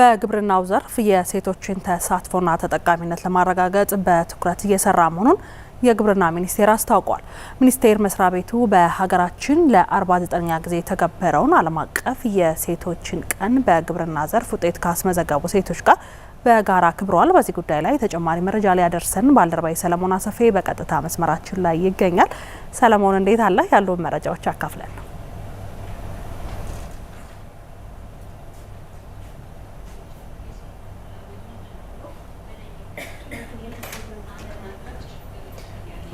በግብርናው ዘርፍ የሴቶችን ተሳትፎና ተጠቃሚነት ለማረጋገጥ በትኩረት እየሰራ መሆኑን የግብርና ሚኒስቴር አስታውቋል። ሚኒስቴር መስሪያ ቤቱ በሀገራችን ለ49ኛ ጊዜ የተከበረውን ዓለም አቀፍ የሴቶችን ቀን በግብርና ዘርፍ ውጤት ካስመዘገቡ ሴቶች ጋር በጋራ አክብረዋል። በዚህ ጉዳይ ላይ ተጨማሪ መረጃ ሊያደርሰን ባልደረባዊ ሰለሞን አሰፌ በቀጥታ መስመራችን ላይ ይገኛል። ሰለሞን እንዴት አለህ? ያለውን መረጃዎች አካፍለን ነው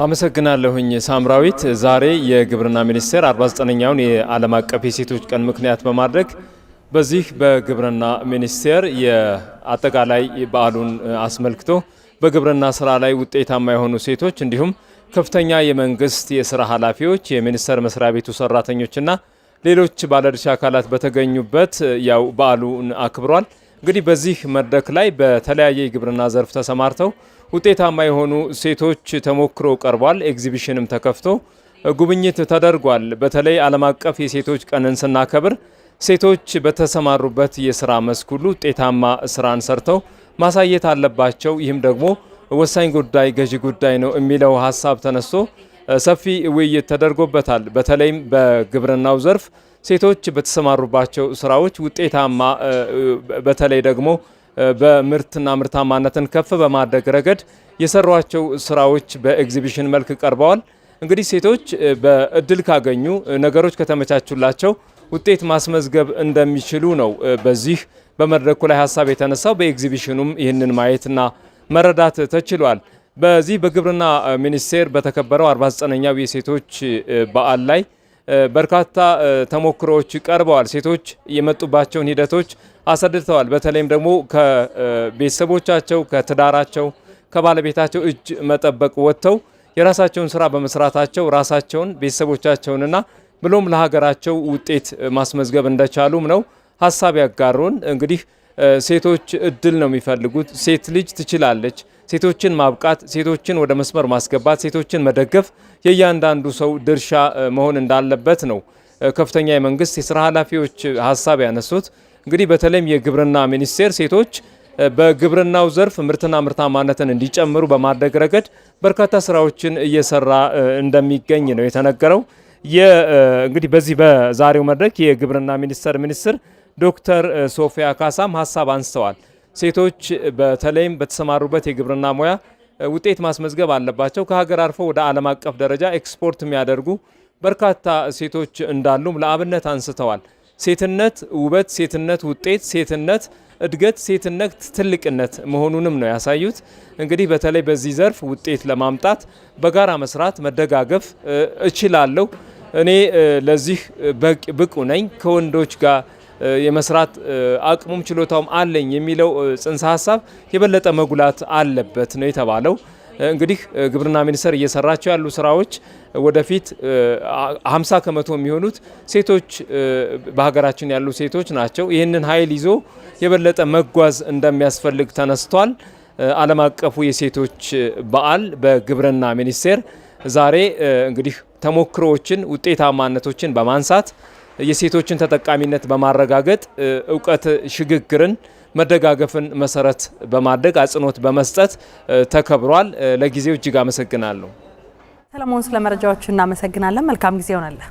አመሰግናለሁኝ ሳምራዊት። ዛሬ የግብርና ሚኒስቴር 49ኛውን የዓለም አቀፍ የሴቶች ቀን ምክንያት በማድረግ በዚህ በግብርና ሚኒስቴር የአጠቃላይ በዓሉን አስመልክቶ በግብርና ስራ ላይ ውጤታማ የሆኑ ሴቶች እንዲሁም ከፍተኛ የመንግስት የስራ ኃላፊዎች፣ የሚኒስቴር መስሪያ ቤቱ ሰራተኞችና ሌሎች ባለድርሻ አካላት በተገኙበት ያው በዓሉን አክብሯል። እንግዲህ በዚህ መድረክ ላይ በተለያየ የግብርና ዘርፍ ተሰማርተው ውጤታማ የሆኑ ሴቶች ተሞክሮ ቀርቧል። ኤግዚቢሽንም ተከፍቶ ጉብኝት ተደርጓል። በተለይ ዓለም አቀፍ የሴቶች ቀንን ስናከብር ሴቶች በተሰማሩበት የስራ መስክ ሁሉ ውጤታማ ስራን ሰርተው ማሳየት አለባቸው። ይህም ደግሞ ወሳኝ ጉዳይ፣ ገዢ ጉዳይ ነው የሚለው ሀሳብ ተነስቶ ሰፊ ውይይት ተደርጎበታል። በተለይም በግብርናው ዘርፍ ሴቶች በተሰማሩባቸው ስራዎች ውጤታማ በተለይ ደግሞ በምርትና ምርታማነትን ከፍ በማድረግ ረገድ የሰሯቸው ስራዎች በኤግዚቢሽን መልክ ቀርበዋል። እንግዲህ ሴቶች በእድል ካገኙ ነገሮች ከተመቻቹላቸው ውጤት ማስመዝገብ እንደሚችሉ ነው በዚህ በመድረኩ ላይ ሀሳብ የተነሳው። በኤግዚቢሽኑም ይህንን ማየትና መረዳት ተችሏል። በዚህ በግብርና ሚኒስቴር በተከበረው 49ኛው የሴቶች በዓል ላይ በርካታ ተሞክሮዎች ቀርበዋል። ሴቶች የመጡባቸውን ሂደቶች አስረድተዋል። በተለይም ደግሞ ከቤተሰቦቻቸው፣ ከትዳራቸው፣ ከባለቤታቸው እጅ መጠበቅ ወጥተው የራሳቸውን ስራ በመስራታቸው ራሳቸውን ቤተሰቦቻቸውንና ብሎም ለሀገራቸው ውጤት ማስመዝገብ እንደቻሉም ነው ሀሳብ ያጋሩን። እንግዲህ ሴቶች እድል ነው የሚፈልጉት። ሴት ልጅ ትችላለች ሴቶችን ማብቃት፣ ሴቶችን ወደ መስመር ማስገባት፣ ሴቶችን መደገፍ የእያንዳንዱ ሰው ድርሻ መሆን እንዳለበት ነው ከፍተኛ የመንግስት የስራ ኃላፊዎች ሀሳብ ያነሱት። እንግዲህ በተለይም የግብርና ሚኒስቴር ሴቶች በግብርናው ዘርፍ ምርትና ምርታማነትን እንዲጨምሩ በማድረግ ረገድ በርካታ ስራዎችን እየሰራ እንደሚገኝ ነው የተነገረው። እንግዲህ በዚህ በዛሬው መድረክ የግብርና ሚኒስቴር ሚኒስትር ዶክተር ሶፊያ ካሳም ሀሳብ አንስተዋል። ሴቶች በተለይም በተሰማሩበት የግብርና ሙያ ውጤት ማስመዝገብ አለባቸው። ከሀገር አልፎ ወደ ዓለም አቀፍ ደረጃ ኤክስፖርት የሚያደርጉ በርካታ ሴቶች እንዳሉም ለአብነት አንስተዋል። ሴትነት ውበት፣ ሴትነት ውጤት፣ ሴትነት እድገት፣ ሴትነት ትልቅነት መሆኑንም ነው ያሳዩት። እንግዲህ በተለይ በዚህ ዘርፍ ውጤት ለማምጣት በጋራ መስራት፣ መደጋገፍ እችላለሁ፣ እኔ ለዚህ ብቁ ነኝ ከወንዶች ጋር የመስራት አቅሙም ችሎታውም አለኝ የሚለው ጽንሰ ሀሳብ የበለጠ መጉላት አለበት ነው የተባለው። እንግዲህ ግብርና ሚኒስቴር እየሰራቸው ያሉ ስራዎች ወደፊት 50 ከመቶ የሚሆኑት ሴቶች በሀገራችን ያሉ ሴቶች ናቸው። ይህንን ኃይል ይዞ የበለጠ መጓዝ እንደሚያስፈልግ ተነስቷል። ዓለም አቀፉ የሴቶች በዓል በግብርና ሚኒስቴር ዛሬ እንግዲህ ተሞክሮዎችን ውጤታማነቶችን በማንሳት የሴቶችን ተጠቃሚነት በማረጋገጥ እውቀት ሽግግርን መደጋገፍን መሰረት በማድረግ አጽንኦት በመስጠት ተከብሯል። ለጊዜው እጅግ አመሰግናለሁ ሰለሞን። ስለ እናመሰግናለን። መልካም ጊዜ ይሆናል።